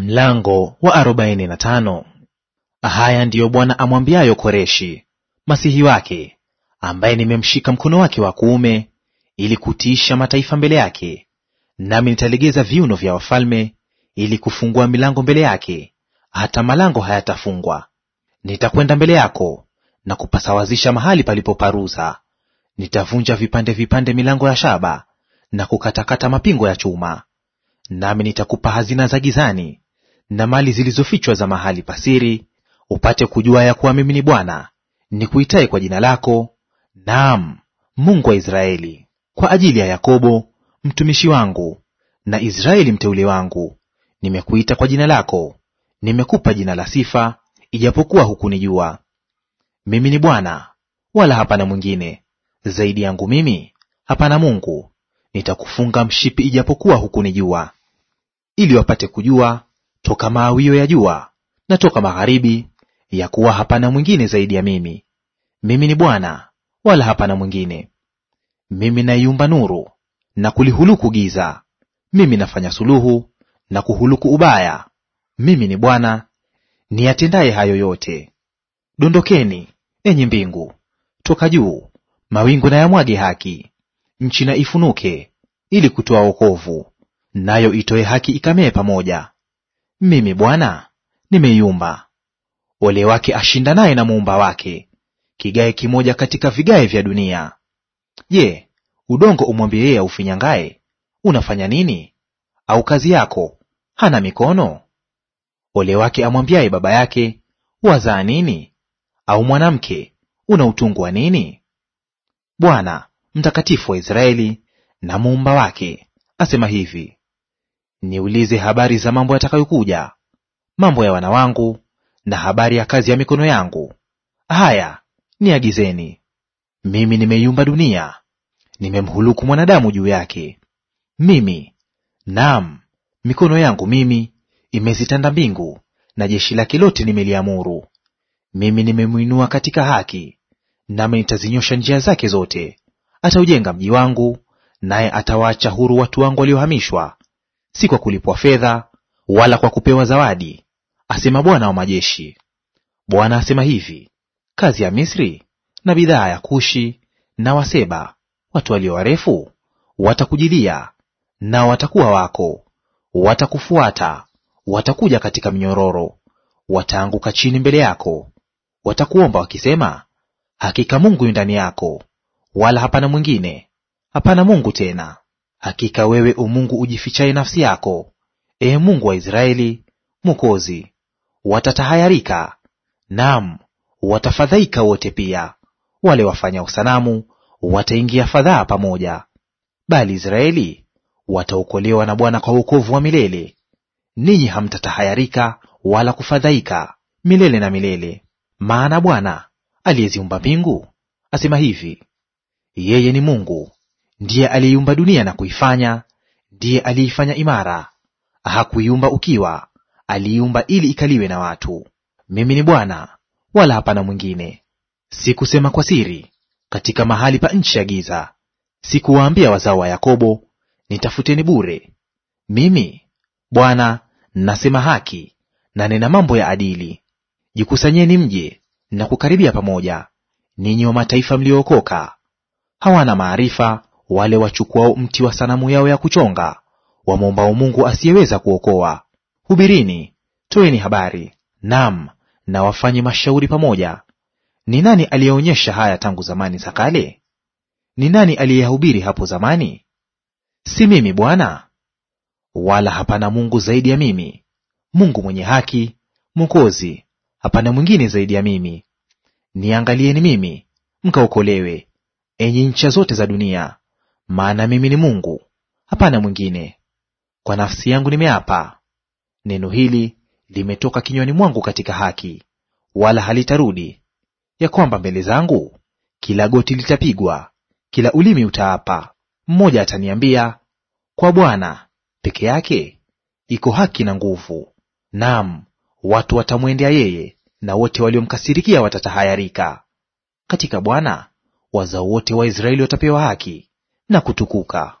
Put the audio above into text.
Mlango wa arobaini na tano. Haya ndiyo Bwana amwambiayo Koreshi masihi wake, ambaye nimemshika mkono wake wa kuume ili kutiisha mataifa mbele yake, nami nitalegeza viuno vya wafalme ili kufungua milango mbele yake, hata malango hayatafungwa. Nitakwenda mbele yako na kupasawazisha mahali palipoparuza, nitavunja vipande vipande milango ya shaba na kukatakata mapingo ya chuma, nami nitakupa hazina za gizani na mali zilizofichwa za mahali pasiri, upate kujua ya kuwa mimi ni Bwana nikuitaye kwa jina lako, naam, Mungu wa Israeli. Kwa ajili ya Yakobo mtumishi wangu na Israeli mteule wangu, nimekuita kwa jina lako, nimekupa jina la sifa, ijapokuwa hukunijua. Mimi ni Bwana, wala hapana mwingine; zaidi yangu mimi hapana Mungu. Nitakufunga mshipi, ijapokuwa hukunijua, ili wapate kujua toka maawio ya jua na toka magharibi, ya kuwa hapana mwingine zaidi ya mimi. Mimi ni Bwana, wala hapana mwingine. Mimi naiumba nuru na kulihuluku giza. Mimi nafanya suluhu na kuhuluku ubaya. Mimi ni Bwana niyatendaye hayo yote. Dondokeni, enyi mbingu, toka juu, mawingu na yamwage haki. Nchi na ifunuke ili kutoa wokovu, nayo itoe haki ikamee pamoja. Mimi Bwana nimeyumba. Ole wake ashindanaye na muumba wake, kigae kimoja katika vigae vya dunia. Je, udongo umwambie yeye aufinyangaye, unafanya nini? Au kazi yako hana mikono? Ole wake amwambiaye baba yake, wazaa nini? Au mwanamke, una utungu wa nini? Bwana mtakatifu wa Israeli na muumba wake asema hivi niulize habari za mambo yatakayokuja, mambo ya wana wangu na habari ya kazi ya mikono yangu. Haya, niagizeni. Mimi nimeiumba dunia, nimemhuluku mwanadamu juu yake. Mimi naam, mikono yangu mimi imezitanda mbingu, na jeshi lake lote nimeliamuru. Mimi nimemwinua katika haki, nami nitazinyosha njia zake zote. Ataujenga mji wangu, naye atawaacha huru watu wangu waliohamishwa si kwa kulipwa fedha wala kwa kupewa zawadi, asema Bwana wa majeshi. Bwana asema hivi, kazi ya Misri na bidhaa ya Kushi na Waseba, watu walio warefu, watakujilia nao watakuwa wako, watakufuata, watakuja katika mnyororo, wataanguka chini mbele yako, watakuomba wakisema, hakika Mungu yu ndani yako, wala hapana mwingine, hapana Mungu tena. Hakika wewe umungu ujifichaye nafsi yako, ee Mungu wa Israeli Mwokozi, watatahayarika, naam, watafadhaika wote pia; wale wafanyao sanamu wataingia fadhaa pamoja. Bali Israeli wataokolewa na Bwana kwa wokovu wa milele. Ninyi hamtatahayarika wala kufadhaika milele na milele. Maana Bwana aliyeziumba mbingu asema hivi, yeye ni Mungu Ndiye aliiumba dunia na kuifanya, ndiye aliifanya imara. Hakuiumba ukiwa, aliiumba ili ikaliwe na watu. Mimi ni Bwana, wala hapana mwingine. Sikusema kwa siri katika mahali pa nchi ya giza, sikuwaambia wazao wa Yakobo, nitafuteni bure. Mimi Bwana nasema haki, na nena mambo ya adili. Jikusanyeni mje na kukaribia pamoja, ninyi wa mataifa mliookoka. Hawana maarifa, wale wachukuao mti wa sanamu yao ya kuchonga, wamwombao Mungu asiyeweza kuokoa. Hubirini, toeni habari, nam na wafanye mashauri pamoja. Ni nani aliyeonyesha haya tangu zamani za kale? Ni nani aliyeyahubiri hapo zamani? Si mimi Bwana? Wala hapana Mungu zaidi ya mimi, Mungu mwenye haki, Mwokozi, hapana mwingine zaidi ya mimi. Niangalieni mimi mkaokolewe, enyi ncha zote za dunia, maana mimi ni Mungu, hapana mwingine. Kwa nafsi yangu nimeapa, neno hili limetoka kinywani mwangu katika haki, wala halitarudi, ya kwamba mbele zangu kila goti litapigwa, kila ulimi utaapa. Mmoja ataniambia, kwa Bwana peke yake iko haki na nguvu. Naam, watu watamwendea yeye, na wote waliomkasirikia watatahayarika. Katika Bwana wazao wote wa Israeli watapewa haki na kutukuka.